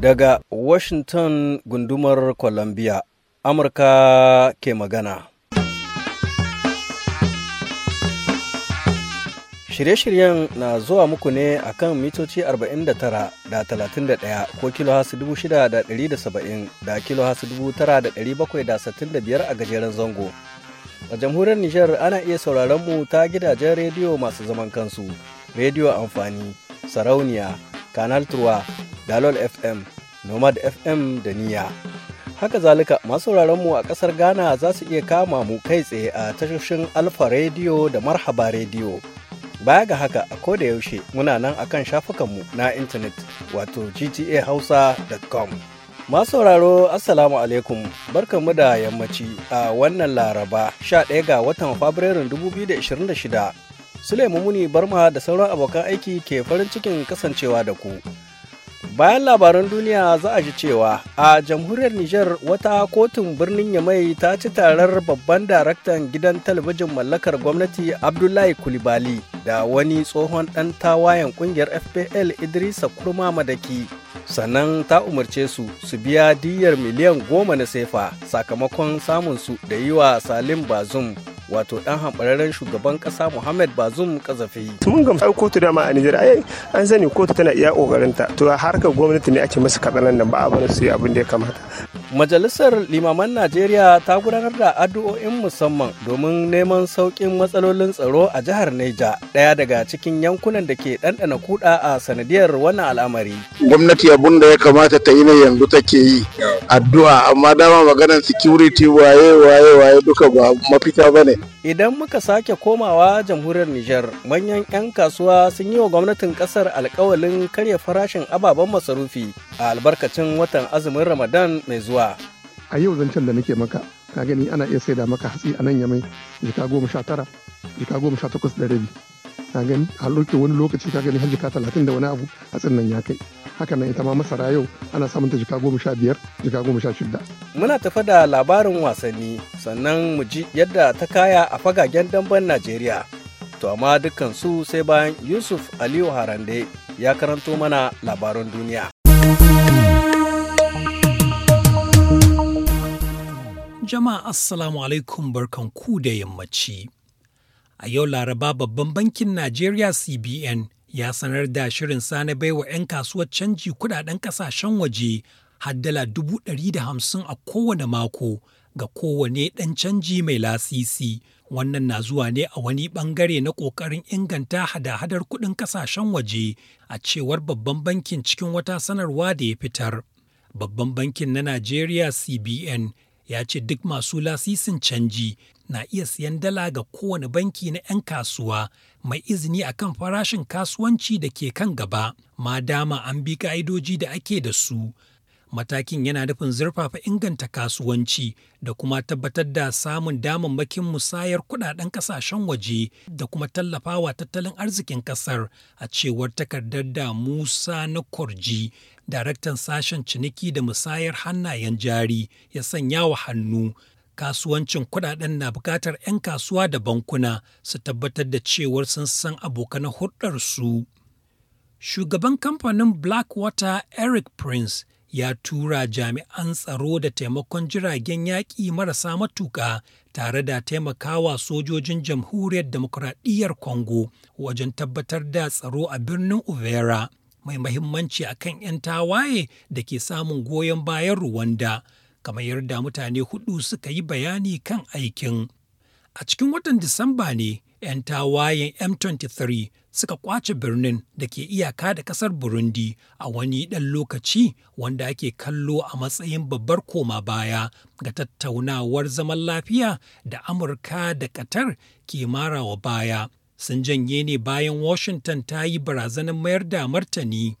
Daga Washington gundumar Columbia, Amurka ke magana. Shirye-shiryen na zuwa muku ne a kan mitoci 49.31 da ko kilohasu 6,170 da kilohasu 9,765 a gajeren zango. A jamhuriyar Nijar ana iya sauraron mu ta gidajen rediyo masu zaman kansu. rediyo amfani sarauniya canal 3 dalol fm nomad fm da niya haka zalika masu mu a kasar ghana za su iya kama mu kai tsaye a tashoshin alfa rediyo da marhaba rediyo baya ga haka a da yaushe muna nan a akan shafukanmu na intanet wato gtahausa.com masu sauraro assalamu alaikum barkanmu da yammaci a wannan laraba 11 ga watan fabrairun 2026 Suleiman Muni Barma da sauran abokan aiki ke farin cikin kasancewa da ku. Bayan labaran duniya za a ji cewa a jamhuriyar Nijar wata kotun birnin Yamai ta ci tarar babban daraktan gidan talabijin mallakar gwamnati Abdullahi Kulibali da wani tsohon ɗan tawayen ƙungiyar FPL Idrisa Kurma Madaki. Sannan ta umarce su su biya diyyar miliyan goma na sefa sakamakon samun su da yi wa Salim Bazum wato dan hambararren shugaban kasa Muhammad Bazoum kazafi. Mun gamsa kotu dama a Nijar ai an sani kotu tana iya kokarinta to harkar gwamnati ne ake masa katsalan nan ba a bar su abin da ya kamata. Majalisar Limaman Najeriya ta gudanar da addu'o'in musamman domin neman sauƙin matsalolin tsaro a jihar Neja, ɗaya daga cikin yankunan da ke ɗanɗana kuɗa a sanadiyar wannan al'amari. Gwamnati abun da ya kamata ta yi ne yanzu take yi addu'a amma dama maganar security waye waye waye duka ba mafita ba ne. Idan muka sake komawa jamhuriyar Nijar, manyan 'yan kasuwa sun yi wa gwamnatin ƙasar alƙawalin karya farashin ababen masarufi a albarkacin watan azumin Ramadan mai zuwa. rayuwa. A yau zancen da nake maka, ka gani ana iya saida maka hatsi a nan ya mai jika goma sha tara, jika goma sha takwas da rabi. Ka gani a loke wani lokaci ka gani har jika talatin da wani abu hatsin nan ya kai. Haka nan ita ma masara yau ana samun ta jika goma sha biyar, jika goma sha shida. Muna tafa da labarin wasanni sannan mu ji yadda ta kaya a fagagen damben Najeriya. To amma dukkan su sai bayan Yusuf Aliyu Harande ya karanto mana labaran duniya. Jama'a Assalamu alaikum ku da yammaci. A yau Laraba babban bankin Najeriya CBN ya sanar da shirin sa na baiwa 'yan kasuwar canji kudaden kasashen waje haddala dubu ɗari da hamsin a kowane mako ga kowane ɗan canji mai lasisi. Wannan na zuwa ne a wani ɓangare na ƙoƙarin inganta hada-hadar kuɗin kasashen waje a cewar babban bankin cikin wata sanarwa da ya fitar. Babban bankin na Najeriya CBN ya ce duk masu lasisin canji na iya siyan dala ga kowane banki na 'yan kasuwa mai izini a kan farashin kasuwanci da ke kan gaba ma dama an bi ka'idoji da ake da su matakin yana nufin zurfafa inganta kasuwanci da kuma tabbatar da samun damammakin musayar kudaden kasashen waje da kuma tallafawa tattalin arzikin kasar a cewar takardar da musa na korji daraktan sashen ciniki da musayar hannayen jari ya sanya wa hannu kasuwancin kudaden na bukatar 'yan kasuwa da bankuna su tabbatar da cewar sun san abokan hulɗarsu. Shugaban kamfanin Blackwater Eric Prince ya tura jami'an tsaro da taimakon jiragen yaƙi marasa matuƙa tare da taimakawa sojojin jamhuriyar demokuraɗiyyar kongo wajen tabbatar da tsaro a birnin uvera mai mahimmanci a kan 'yan tawaye da ke samun goyon bayan ruwanda kamar yadda mutane hudu suka yi bayani kan aikin a cikin watan disamba ne 'yan tawayen M23 suka kwace birnin da ke iyaka da kasar Burundi a wani ɗan lokaci wanda ake kallo a matsayin babbar koma baya ga tattaunawar zaman lafiya da Amurka da Qatar ke mara wa baya. Sun janye ne bayan Washington ta yi barazanar mayar da martani.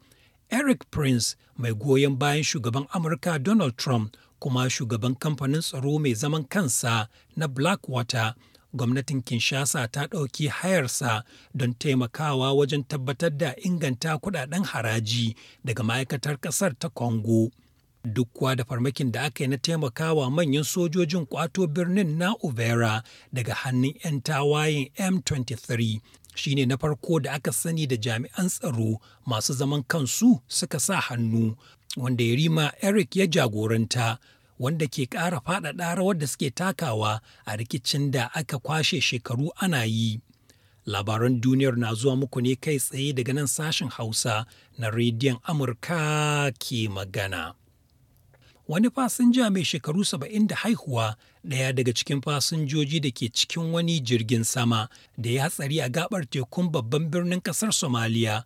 Eric Prince mai goyon bayan shugaban Amurka Donald Trump kuma shugaban kamfanin tsaro mai zaman kansa na Blackwater gwamnatin Kinshasa ta ɗauki hayarsa don taimakawa wajen tabbatar da inganta kudaden haraji daga ma'aikatar ƙasar ta Congo. kuwa da farmakin da aka yi na taimakawa manyan sojojin kwato birnin na Uvera daga hannun 'yan tawayen M23 shine na farko da aka sani da jami'an tsaro masu zaman kansu suka sa hannu wanda ya rima Eric ya jagoranta wanda ke ƙara faɗaɗa rawar da suke takawa a rikicin da aka kwashe shekaru ana yi. Labaran duniyar na zuwa muku ne kai tsaye daga nan sashen Hausa na rediyon Amurka ke magana. Wani fasinja mai shekaru saba'in da haihuwa ɗaya daga cikin fasinjoji da ke cikin wani jirgin sama da ya hatsari a gabar tekun babban birnin ƙasar Somaliya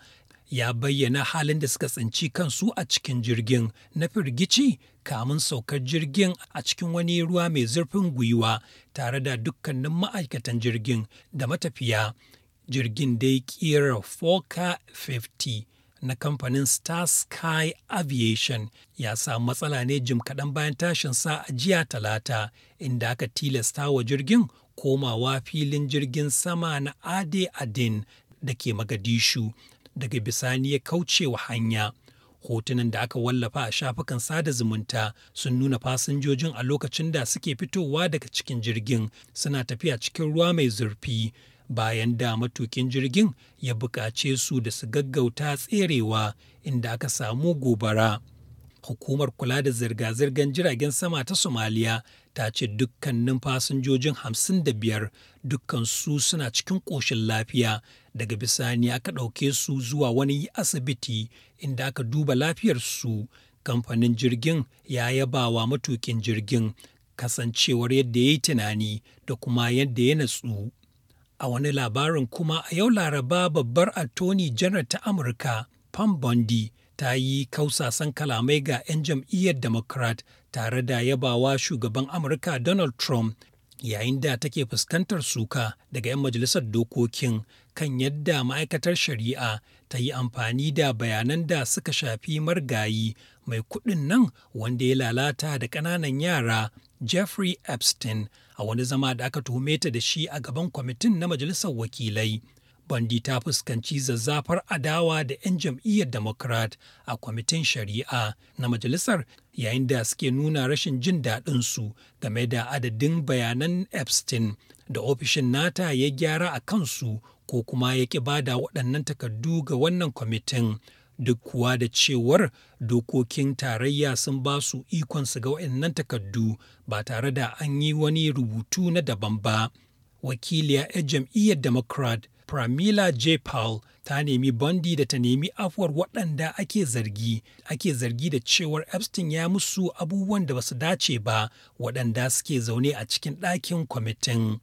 ya bayyana halin da suka tsinci kansu a cikin jirgin na firgici kamun saukar jirgin a cikin wani ruwa mai zurfin gwiwa tare da dukkanin ma'aikatan jirgin da matafiya jirgin dai ƙirar foka 50 na kamfanin star sky aviation ya samu matsala ne jim kaɗan bayan tashin sa a jiya talata inda aka tilasta wa jirgin komawa filin jirgin sama na ade adin da ke magadishu daga bisani ya kauce wa hanya hotunan da aka wallafa a shafukan sada zumunta sun nuna fasinjojin a lokacin da suke fitowa daga cikin jirgin suna tafiya cikin ruwa mai zurfi bayan da matukin jirgin ya buƙace su da su gaggauta tserewa inda aka samu gobara. Hukumar kula da zirga-zirgar jiragen sama ta Somaliya ta ce dukkanin fasinjojin hamsin da biyar dukkansu suna cikin ƙoshin lafiya daga bisani aka ɗauke su zuwa wani asibiti inda aka duba lafiyarsu kamfanin jirgin ya yabawa matukin jirgin kasancewar yadda ya yi tunani da kuma yadda ya natsu a wani labarin kuma a yau laraba babbar attorney general ta amurka pam bondi ta yi kausasan kalamai ga 'yan jam'iyyar democrat tare da yabawa shugaban amurka donald trump yayin da take fuskantar suka daga 'yan majalisar dokokin kan yadda ma'aikatar shari'a ta yi amfani da bayanan da suka shafi margayi mai kuɗin nan wanda ya lalata da ƙananan yara jeffrey epstein a wani zama da aka tuhume ta da shi a gaban kwamitin na majalisar wakilai bandi ta fuskanci zazzafar adawa da 'yan jam'iyyar democrat a kwamitin shari'a na majalisar yayin da suke nuna rashin jin daɗinsu game da adadin bayanan epstein da ofishin nata ya gyara a kansu ko kuma ya ƙi bada waɗannan takardu ga wannan kwamitin duk kuwa da cewar dokokin tarayya sun ba su ikon su ga waɗannan takardu ba tare da an yi wani rubutu na daban ba wakiliya 'yan jam'iyyar democrat Pramila J. Powell ta nemi Bondi da ta nemi afuwar waɗanda ake zargi, ake zargi da cewar Epstein ya musu abubuwan da basu dace ba waɗanda suke zaune a cikin ɗakin kwamitin.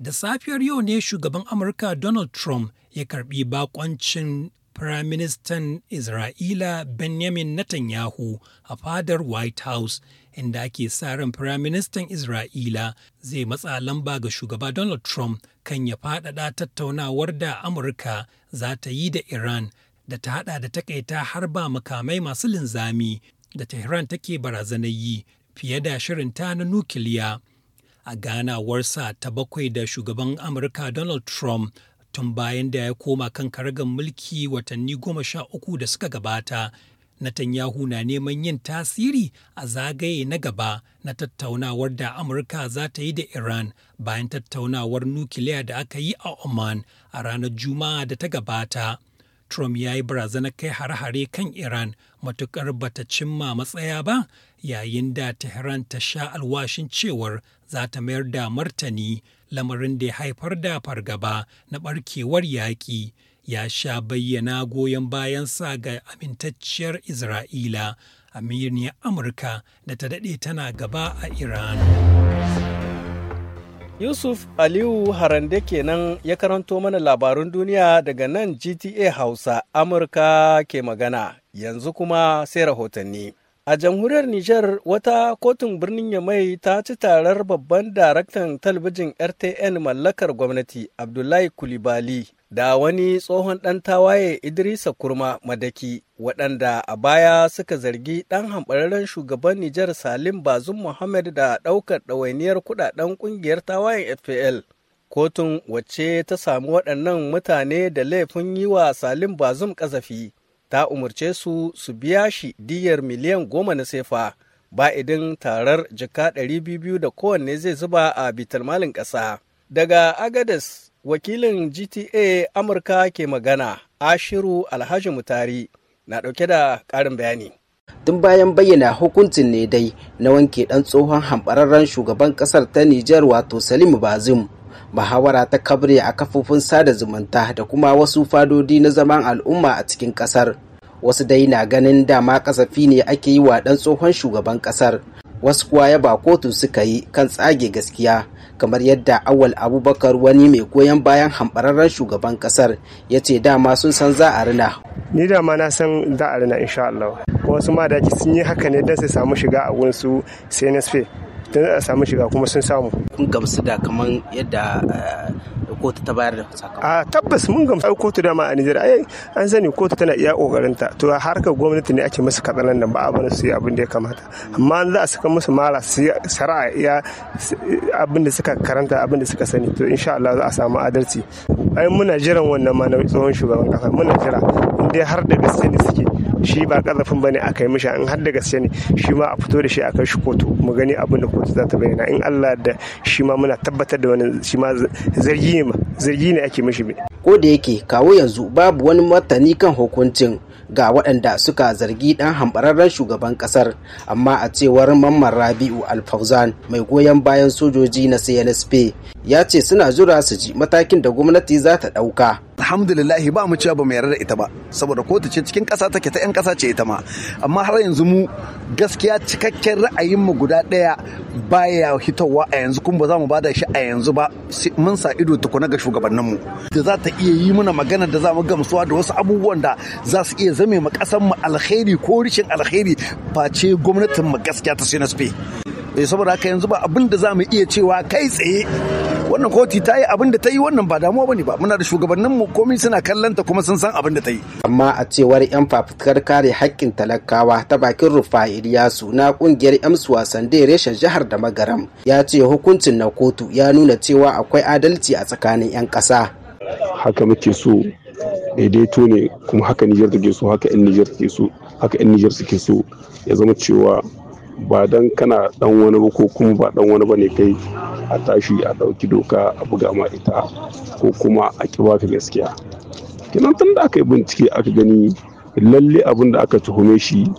Da safiyar yau ne shugaban Amurka Donald Trump ya karbi bakoncin Firaministan Isra'ila Benjamin Netanyahu a fadar White House inda ake sa ran Firaministan Isra'ila zai matsa lamba ga shugaba Donald Trump kan ya faɗaɗa tattaunawar da Amurka za ta yi da Iran da ta haɗa da takaita har ba makamai masu linzami da Tehran take barazanar yi fiye da shirinta na nukiliya. A ganawarsa ta bakwai da shugaban Amurka Donald Trump tun bayan da ya koma kan karagar mulki watanni goma sha uku da suka gabata natanyahu na neman yin tasiri a zagaye na gaba na tattaunawar da Amurka za ta yi da Iran bayan tattaunawar nukiliya da aka yi a Oman a ranar Juma'a da ta gabata. Trump ya yi barazanar kai hare-hare kan Iran matukar ta cimma matsaya ba yayin da Tehran ta sha alwashin cewar za ta mayar da martani lamarin da ya haifar da fargaba na barkewar yaƙi. ya sha bayyana goyon bayan sa ga amintacciyar Isra'ila, aminiyar Amurka da ta daɗe tana gaba a Iran. Yusuf Aliyu Harande kenan ya karanto mana labarun duniya daga nan GTA Hausa Amurka ke magana yanzu kuma sai rahotanni. A jamhuriyar Nijar wata kotun birnin Yamai ta ci tarar babban daraktan talabijin RTN mallakar gwamnati Abdullahi Kulibali da wani tsohon ɗan tawaye Idrisa Kurma Madaki waɗanda a baya suka zargi ɗan hambararren shugaban Nijar Salim Bazum Muhammad da ɗaukar ɗawainiyar kuɗaɗen ƙungiyar tawayen FPL. Kotun wacce ta sami waɗannan mutane da laifin yi wa Salim Bazum ƙazafi ta umarce su su biya shi diyar miliyan goma na sefa ba'idin tarar jika ɗari biyu-biyu da kowanne zai zuba a bitar malin ƙasa. Daga Agadez wakilin GTA Amurka ke magana Ashiru Alhaji Mutari na dauke da karin bayani. Tun bayan bayyana hukuncin ne dai na wanke dan tsohon hambararren shugaban kasar ta Nijar wato Salim bazim muhawara ta kabre a kafofin sada zumunta da kuma wasu fadodi na zaman al'umma a cikin kasar Wasu dai na ganin dama kasafi ne ake yi wa ɗan tsohon shugaban kasar. wasu kuwa ya ba kotu suka yi kan tsage gaskiya kamar yadda awal abubakar wani mai goyon bayan hambararren shugaban kasar ya ce dama sun san za a rina ni dama na san za a rina insha Allah wasu ma da sun yi haka ne don su samu shiga a wunsu su CNSP Tun a samu shiga kuma sun samu kun gamsu da kaman yadda eh, kotu ta bayar da sakamako a tabbas mun gamsu ai kotu dama a Nijar ai an sani kotu tana iya kokarinta to harkar gwamnati ne ake musu katsalan nan ba a su yi abin da ya kamata amma za a saka musu mara su shari'a iya abin da suka karanta abin da suka sani to insha Allah za a samu adalci ai muna jiran wannan ma na tsohon shugaban kasa muna jira inda har da gaske ne suke shi ba kazafin bane aka yi mishi an har da gaske ne shi ma a fito da shi a kai shi kotu mu gani abin da kotu za ta bayyana in Allah da shi ma muna tabbatar da wani shi ma zargi ne ake mishi ko da yake kawo yanzu babu wani martani kan hukuncin ga waɗanda suka zargi ɗan hambararren shugaban ƙasar amma a cewar mamman rabi'u alfauzan mai goyon bayan sojoji na cnsp ya ce suna jura su ji matakin da gwamnati za ta ɗauka alhamdulillah ba mu cewa ba mu yarda da ita ba saboda ko ta ce cikin ƙasa take ta 'yan ƙasa ce ita ma amma har yanzu mu gaskiya cikakken ra'ayin mu guda ɗaya baya hitowa a yanzu kuma ba za mu bada shi a yanzu ba mun sa ido tukuna ga shugabanninmu da za ta iya yi mana magana da za mu gamsuwa da wasu abubuwan da za su iya zame ma kasan mu alheri ko rishin alheri face gwamnatin mu gaskiya ta sinaspe eh, saboda haka yanzu ba abin da za mu iya cewa kai tsaye wannan koti ta yi abin da ta yi wannan ba damuwa bane ba muna da shugabannin mu komai suna kallanta kuma sun san abin da ta yi amma a cewar yan fafutukar kare haƙƙin talakawa ta bakin rufa iliyasu na kungiyar yams wasan da reshen jihar da magaram ya ce hukuncin na kotu ya nuna cewa akwai adalci a tsakanin yan ƙasa haka muke so daidaito ne kuma haka Nijar take so haka 'yan Nijar take so haka 'yan Nijar suke so ya zama cewa ba dan kana dan wani ba ko kuma ba dan wani ba ne kai a tashi a ɗauki doka a buga ma ita ko kuma a ki baka gaskiya kinan tun da aka yi bincike aka gani lalle abin da aka tuhume shi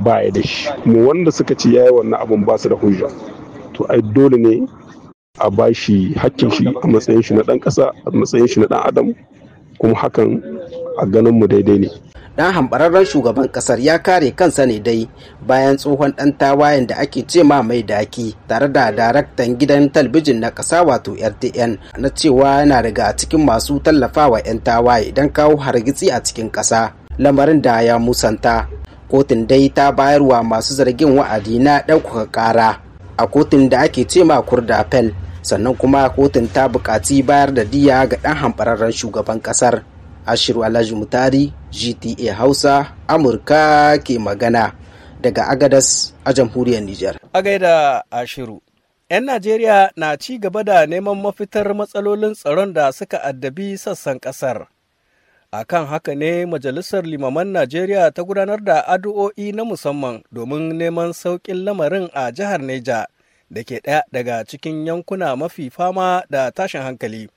ba ya da shi kuma wanda suka ce yayi wannan abin ba su da hujja to ai dole ne a bashi hakkin shi a matsayin shi na dan kasa a matsayin shi na dan adam kuma hakan a ganin daidai ne dan hambararren shugaban kasar ya kare kansa ne dai bayan tsohon dan tawayen da ake ce ma mai daki tare da daraktan gidan talbijin na kasa wato rtn na cewa yana daga cikin masu tallafawa 'yan tawaye don kawo hargitsi a cikin kasa lamarin da ya musanta kotun dai ta bayarwa masu zargin wa'adi na ɗaukaka kara a kotun da ake ce ma kurda sannan kuma kotun ta buƙaci bayar da diya ga ɗan hamfararren shugaban ƙasar ashiru alhaji mutari gta hausa amurka ke magana daga agadas a jamhuriyar niger a gaida ashiru 'yan najeriya na ci gaba da neman mafitar matsalolin tsaron da suka addabi sassan ƙasar. a kan haka ne majalisar limaman najeriya ta gudanar da addu'o'i na musamman domin neman sauƙin lamarin a jihar neja da ke ɗaya daga cikin yankuna mafi fama da tashin hankali.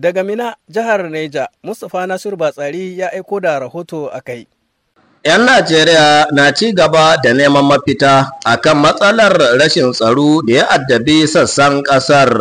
Daga Mina, jihar Neja, Mustapha Nasiru Batsari ya aiko da rahoto a kai. 'Yan Najeriya na ci gaba da neman mafita a kan matsalar rashin tsaro da ya addabi sassan ƙasar.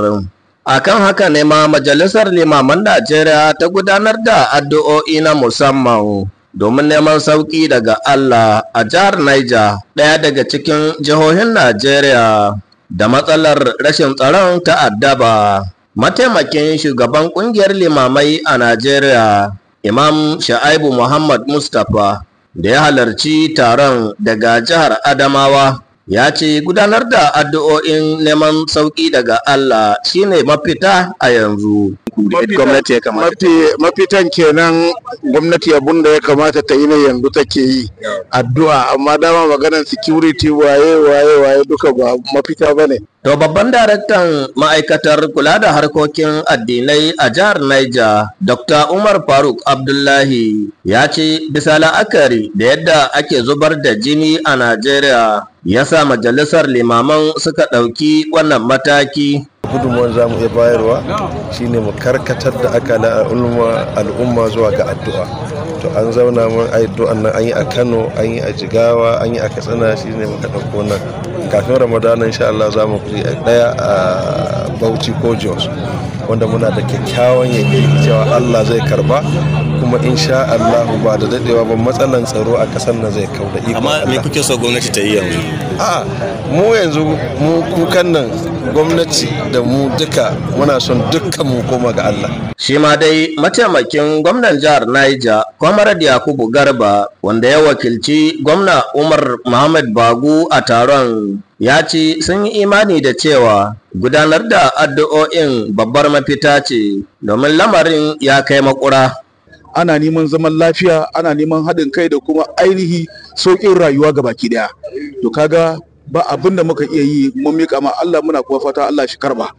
A kan haka ne ma Majalisar Limaman Najeriya ta gudanar da addu'o'i na musamman domin neman sauƙi daga Allah a jihar Niger, ɗaya daga cikin jihohin Najeriya. da matsalar rashin tsaron ta addaba. Mataimakin shugaban kungiyar limamai a Najeriya, Imam Sha'aibu Muhammad Mustapha, da ya halarci taron daga jihar Adamawa, ya ce gudanar da addu'o'in neman sauƙi daga Allah shine mafita a yanzu. mafitan kenan gwamnati abun da ya kamata ta yi na yanzu take yi addu'a amma dama maganar security waye waye waye duka ba mafita ne to babban daraktan ma'aikatar kula da harkokin addinai a jihar Niger Dr. Umar Faruk Abdullahi ya ce bisa la'akari da yadda ake zubar da jini a Najeriya ya sa majalisar limaman suka ɗauki wannan mataki gudunmuwan za mu iya bayarwa shine mu karkatar da aka na al'umma zuwa ga addu'a to an zauna mun addu'an nan an yi a kano an yi a jigawa an yi a katsina shine muka ɗauko nan kafin ramadana insha Allah za mu kuri ɗaya a bauchi ko jos wanda muna da kyakkyawan yake cewa Allah zai karba kuma insha Allah ba da dadewa ba matsalan tsaro a kasar nan zai kauda iko amma me kuke so gwamnati ta yi yanzu a mu yanzu mu kukan nan gwamnati da mu duka muna son dukkan mu koma ga Allah shi ma dai mataimakin gwamnan jihar Niger Comrade Yakubu Garba wanda ya wakilci gwamna Umar Muhammad Bagu a taron ya ce sun yi imani da cewa gudanar da addu'o'in babbar mafita ce domin lamarin ya kai makura ana neman zaman lafiya ana neman haɗin kai da kuma ainihi sauƙin rayuwa ga baki daya to kaga ba abin da muka iya yi mun mika ma Allah muna kuma fata Allah shi karba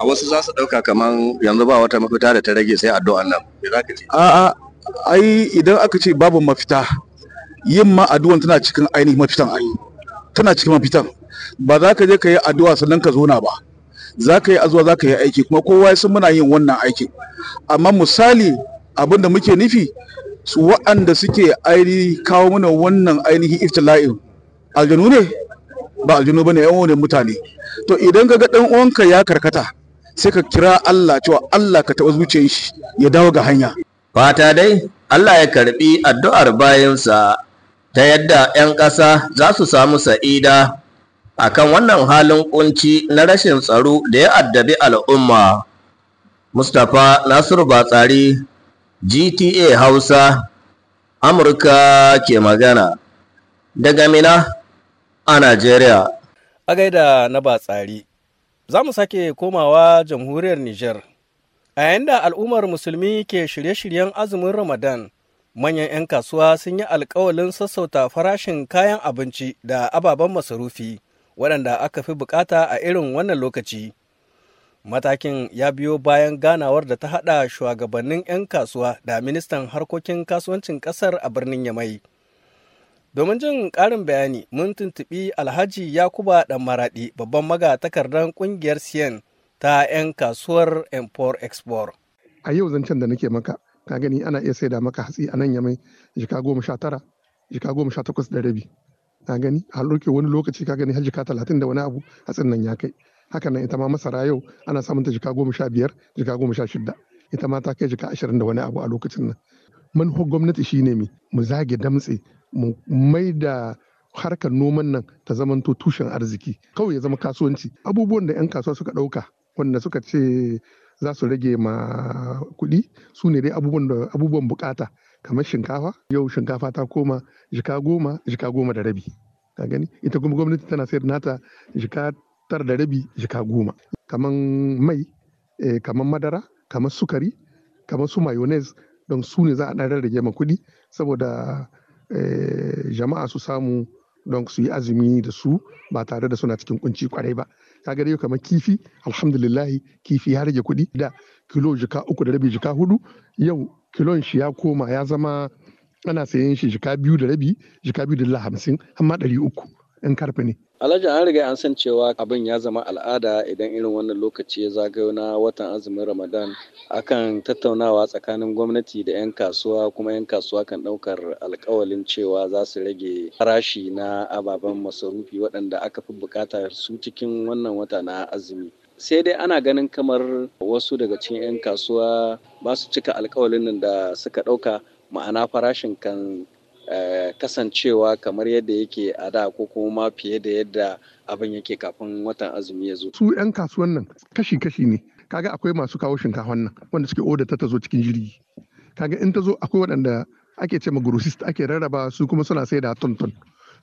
a wasu za su ɗauka kamar yanzu ba wata mafita da ta rage sai addu'an nan a'a ai idan aka ce babu mafita yin ma addu'an tana cikin ainihin mafitan ai tana cikin mafitan ba za ka je ka yi addu'a sannan ka zona ba za ka yi azuwa za ka yi aiki kuma kowa ya san muna yin wannan aiki? amma misali abinda da muke nufi su waɗanda suke ainihi kawo mana wannan ainihin iftila'in aljanu ne ba aljanu ba ne yan wani mutane to idan ka ga ɗan uwanka ya karkata sai ka kira Allah cewa Allah ka taɓa zuciyar shi ya dawo ga hanya fata dai Allah ya karɓi addu'ar bayansa ta yadda 'yan ƙasa za su samu sa'ida a kan wannan halin kunci na rashin tsaro da ya addabi al'umma mustapha nasiru batsari GTA Hausa, Amurka ke magana, daga Mina a Najeriya. A gaida na batsari, tsari, za mu sake komawa jamhuriyar Nijar. A yayin da al'ummar musulmi ke shirye-shiryen azumin Ramadan, manyan 'yan kasuwa sun yi alkawalin sassauta farashin kayan abinci da ababen masarufi, waɗanda aka fi bukata a irin wannan lokaci. Matakin ya biyo bayan ganawar da ta haɗa shugabannin 'yan kasuwa da ministan harkokin kasuwancin ƙasar a birnin Yamai. Domin jin ƙarin bayani mun tuntuɓi Alhaji Yakuba ɗan Maraɗi babban takardar ƙungiyar Siyan ta 'yan kasuwar Empor Export. A yau zancen da nake maka, ka gani ana iya saida maka hatsi a nan Yamai jika goma sha tara, jika goma sha takwas da rabi. Ka gani a wani lokaci ka gani har jika talatin da wani abu hatsin nan ya kai. hakan nan ita ma masara yau ana samun ta jika goma sha biyar jika goma sha shida ita ma ta kai jika ashirin da wani abu a lokacin nan manufar gwamnati shine mi mu zage damtse mu mai da harkar noman nan ta zamanto tushen arziki kawai ya zama kasuwanci abubuwan da 'yan kasuwa suka ɗauka wanda suka ce za su rage ma kuɗi su ne dai abubuwan da abubuwan bukata kamar shinkafa yau shinkafa ta koma jika goma jika goma da rabi ka gani ita gwamnati tana sayar nata jika tara da rabi jika goma kamar mai eh, kamar madara kamar sukari kamar su mayonnaise don su ne za a ɗan rage ma kuɗi saboda eh, jama'a su samu don su yi azumi da su ba tare da suna cikin kunci kwarai ba ta gare yau kamar kifi alhamdulillahi kifi ya rage kuɗi da kilo jika uku da rabi jika hudu yau kilon shi ya koma ya zama ana sayan shi jika biyu da rabi jika biyu da hamsin amma ɗari uku in karfe ne Alhaji an riga an san cewa abin ya zama al'ada idan irin wannan lokaci ya zagayo na watan azumin Ramadan akan tattaunawa tsakanin gwamnati da 'yan kasuwa kuma 'yan kasuwa kan ɗaukar alkawalin cewa za su rage farashi na ababen masarufi waɗanda aka fi bukata su cikin wannan wata na azumi. sai dai ana ganin kamar wasu daga cikin 'yan kasuwa ba su cika alkawalin da suka ɗauka ma'ana farashin kan Eh, kasancewa kamar yadda yake a da ko kuma fiye da yadda abin yake kafin watan azumi ya zo. Su 'yan kasuwan nan kashi-kashi ne. Kaga akwai masu kawo shinkafan nan wanda suke oda ta zo cikin jirgi. Kaga in ta zo akwai waɗanda ake ce ma grossist ake rarraba su kuma suna sai da tonton,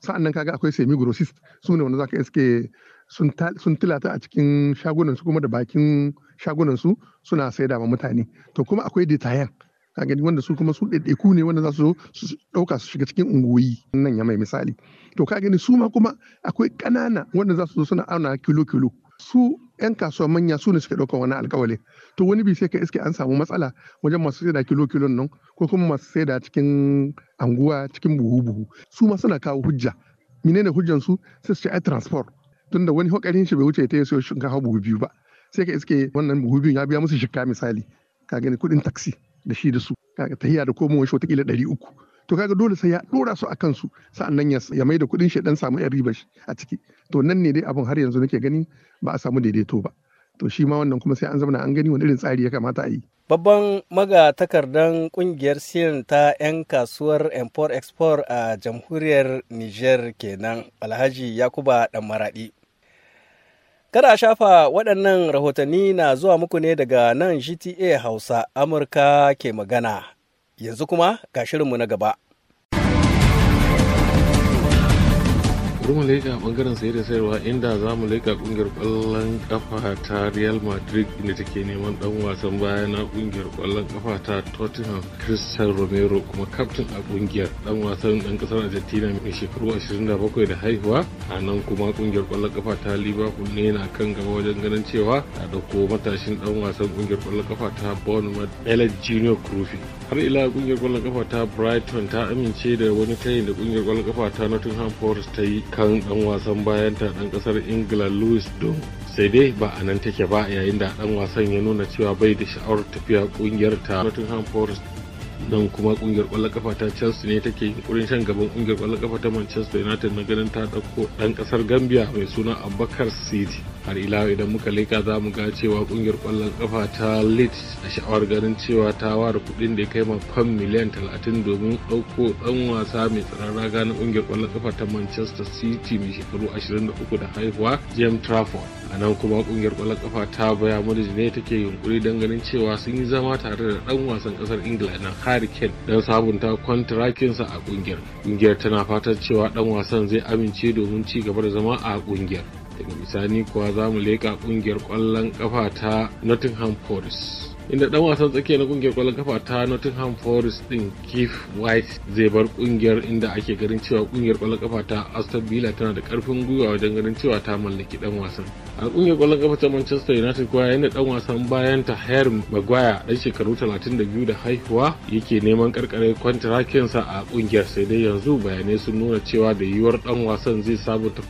Sa'an nan kaga akwai semi grossist su ne wanda ka iske sun tilata a cikin shagunan su kuma da bakin shagunan su suna sai da mutane. To kuma akwai detayan ka gani wanda su kuma su ɗaiɗaiku ne wanda za su su ɗauka su shiga cikin unguwoyi nan ya mai misali to ka gani su ma kuma akwai ƙanana wanda za su zo suna auna kilo kilo su 'yan kasuwa manya su ne suke ɗaukar wani alƙawale. to wani bi sai ka iske an samu matsala wajen masu saida kilo kilon nan ko kuma masu saida cikin anguwa cikin buhu buhu su ma suna kawo hujja menene hujjan su sai su ce ai transport tunda wani hokarin shi bai wuce ta yaso shinkafa buhu biyu ba sai ka iske wannan buhu biyu ya biya musu shikka misali ka gani kuɗin taxi da shi da su kaga tahiya da komowar shi watakila ɗari uku to kaga dole sai ya ɗora su a kansu sa'annan ya ya mai da kuɗin shi dan samu yan riba shi a ciki to nan ne dai abin har yanzu nake gani ba a samu daidaito ba to shi ma wannan kuma sai an zamana an gani wani irin tsari ya kamata a yi babban maga takardan kungiyar sin ta 'yan kasuwar import export a jamhuriyar niger kenan alhaji yakuba dan maradi Kada a shafa waɗannan rahotanni na zuwa muku ne daga nan GTA Hausa Amurka ke magana. Yanzu kuma ga shirinmu na gaba. Burma Leka a bangaren sayar da sayarwa inda za mu leka kungiyar kwallon kafa ta Real Madrid inda take neman dan wasan baya na kungiyar kwallon kafa ta Tottenham Christian Romero kuma kaftin a kungiyar dan wasan dan kasar Argentina mai shekaru 27 da haihuwa a nan kuma kungiyar kwallon kafa ta Liverpool ne na kan gaba wajen ganin cewa a dauko matashin dan wasan kungiyar kwallon kafa ta Bournemouth Ellen Junior Crufi har ila kungiyar kwallon kafa ta Brighton ta amince da wani tayin da kungiyar kwallon kafa ta Nottingham Forest ta yi kan dan wasan bayanta dan kasar ingila louis don sai dai ba a nan take ba yayin da dan wasan ya nuna cewa bai da sha'awar tafiya kungiyar ta nottingham forest don kuma kungiyar kwallon kafa ta chelsea ne take yunkurin shan gaban kungiyar kwallon kafa ta manchester united na ganin ta dauko dan kasar gambia mai suna abubakar city har ila idan muka leka za mu ga cewa kungiyar kwallon kafa ta leeds a sha'awar ganin cewa ta ware kudin da ya kai ma fam miliyan 30 domin dauko ɗan wasa mai tsaron raga na kungiyar kwallon kafa ta manchester city mai shekaru 23 da haihuwa james trafford a nan kuma kungiyar kwallon kafa ta baya madrid ne take yunkuri don ganin cewa sun yi zama tare da ɗan wasan kasar ingila na harry kane don sabunta kwantarakinsa a kungiyar kungiyar tana fatan cewa ɗan wasan zai amince domin ci gaba da zama a kungiyar daga bisani kuwa za mu leƙa ƙungiyar ƙwallon ƙafa ta nottingham forest inda dan wasan tsakiya na kungiyar kwallon kafa ta Nottingham Forest din Keith White zai bar kungiyar inda ake garin cewa kungiyar kwallon kafa ta Aston Villa tana da karfin gwiwa wajen ganin cewa ta mallaki dan wasan. A kungiyar kwallon kafa ta Manchester United kuwa yana dan wasan bayan ta Harry Maguire dan shekaru 32 da haihuwa yake neman karkare sa a kungiyar sai dai yanzu bayanai sun nuna cewa da yiwuwar dan wasan zai sabunta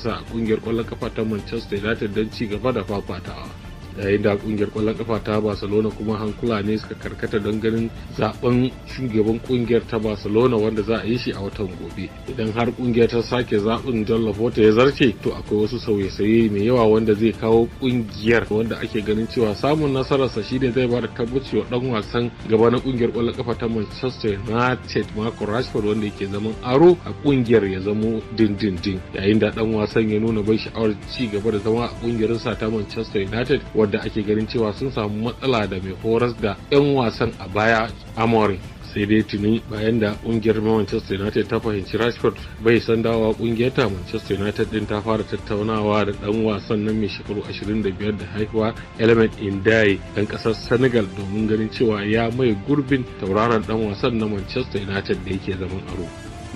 sa a kungiyar kwallon kafa ta Manchester United dan ci gaba da fafatawa. yayin da kungiyar kwallon kafa ta barcelona kuma hankula ne suka karkata don ganin zaben shugaban kungiyar ta barcelona wanda za a yi shi a watan gobe idan har kungiyar ta sake zaben john laporta ya zarce to akwai wasu sauye-sauye mai yawa wanda zai kawo kungiyar wanda ake ganin cewa samun nasararsa shine zai ba da tabbaci wa dan wasan gaba na kungiyar kwallon kafa ta manchester united marco rashford wanda yake zaman aro a kungiyar ya zamo dindindin yayin da dan wasan ya nuna bai sha'awar ci gaba da zama a kungiyar sa ta manchester united wadda ake ganin cewa sun samu matsala da mai horas da 'yan wasan a baya amorin sai dai tuni bayan da kungiyar manchester united ta fahimci rashford bai san dawowa kungiyar ta manchester united din ta fara tattaunawa da dan wasan nan mai shekaru 25 da haihuwa element indai dan kasar senegal domin ganin cewa ya mai gurbin tauraron dan wasan na manchester united da yake zaman aro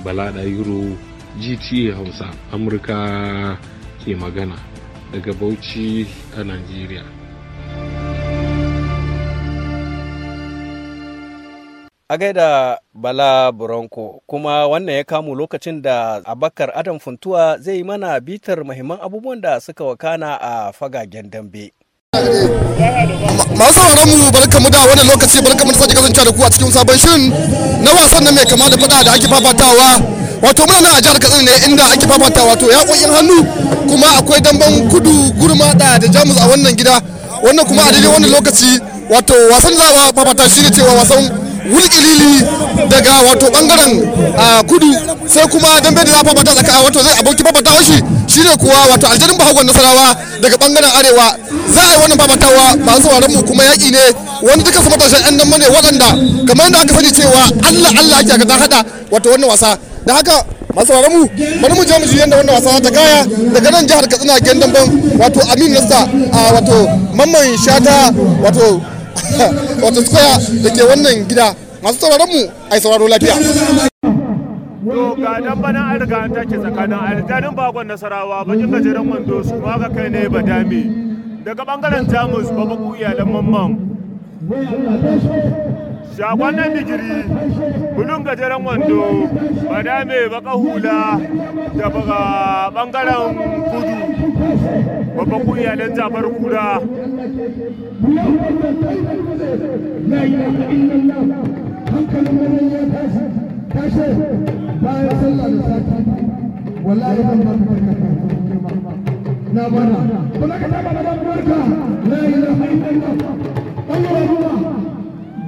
bala da euro gta hausa amurka ke magana daga bauchi a nigeria a gaida bala bronco kuma wannan ya kamo lokacin da abakar adam funtuwa zai yi mana bitar mahimman abubuwan da suka wakana a fagagen dambe masu sauraronmu mu barkamu da wannan lokaci barkamu da sake kasancewa da ku a cikin sabon shirin na wasan nan mai kama da fada da ake fafatawa wato muna nan a jihar katsina ne inda ake fafatawa wato ya hannu kuma akwai damben kudu gurma da jamus a wannan gida wannan kuma a daidai wannan lokaci wato wasan za a babata shi ne cewa wasan wulƙilili daga wato bangaren kudu sai kuma dambe da za a babata tsaka wato zai aboki babata shi shine kuwa wato aljanin bahagon nasarawa daga bangaren arewa za a yi wannan babatawa masu sauraron mu kuma yaƙi ne wani duka su matashin yan nan ne waɗanda kamar yadda aka sani cewa allah allah ake ga ta haɗa wato wannan wasa da haka masu mu bari mu je mu yadda wannan wasa ta kaya daga nan jihar katsina gendan ban wato amin nasta a wato mamman shata wato wato square da ke wannan gida masu sauraron mu yi sauraro lafiya to ga dan bana an riga an take tsakanin aljanin bakon nasarawa bakin gajeren wando su ma ga kai ne badami daga bangaren jamus babu iyalan mamman shakwannan digiri bulun gajeren wando ba bada mai baka hula daga bangaren kudu babban kungiyar jafar kura wallahi ban ba na bana kuma ka bana da barka la ilaha illallah akbar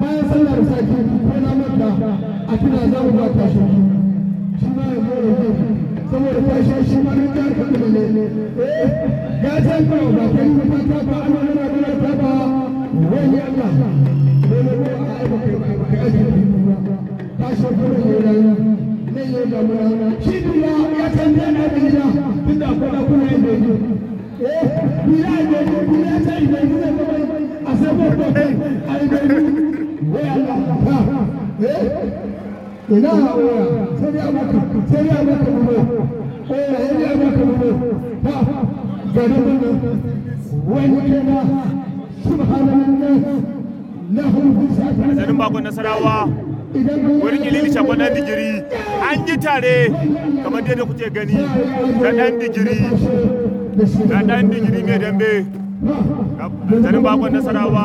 bayan sallar sake ko na manta a tuna za mu ba ta shi shi ma ya zo da saboda ta shi shi ma na jihar kaduna ne ya ce ko ba ta yi ba ta ba amma yana da ta ba wani Allah ne ne ko a aika kai ba ka aji ta shi ko ne rayuwa ne ne da mu shi duniya ya canja na da tunda ko da kuna yin da gida eh bila da gida sai da gida a sabon ko ai ina a oya sai ya maka sai ya maka bulo oya sai ya maka bulo ha gari bulo wani kena subhanallah lahu bisata sanin bako nasarawa wurin ilili shagon ɗan digiri an yi tare kamar yadda kuke gani da ɗan digiri da ɗan digiri mai dambe sanin bakon nasarawa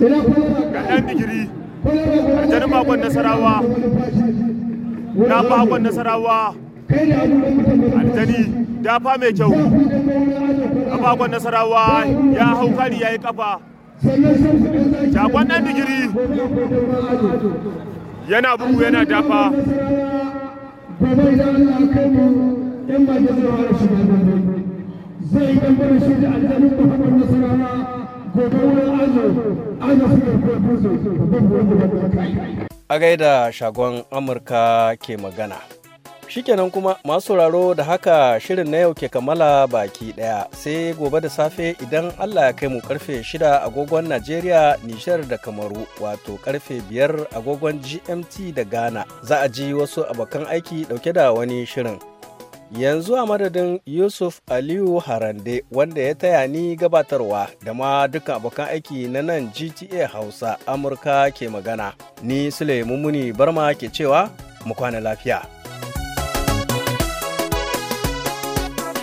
ina digiri nasarawa na bakon nasarawa aljani dafa mai kyau a bakon nasarawa ya hau kari ya yi kafa shagon ɗan digiri yana bugu yana dafa ba da zai a gaida shagon amurka ke magana Shikenan kuma masu sauraro da haka shirin na yau ke kammala baki daya sai gobe da safe idan Allah ya kai mu karfe shida agogon Najeriya, Nishar da Kamaru wato karfe biyar agogon GMT da Ghana za a ji wasu abokan aiki dauke da wani shirin. yanzu a madadin yusuf aliyu harande wanda ya taya ni gabatarwa da ma duka abokan aiki na nan gta hausa amurka ke magana ni sule mummuni barma ke cewa mu kwana lafiya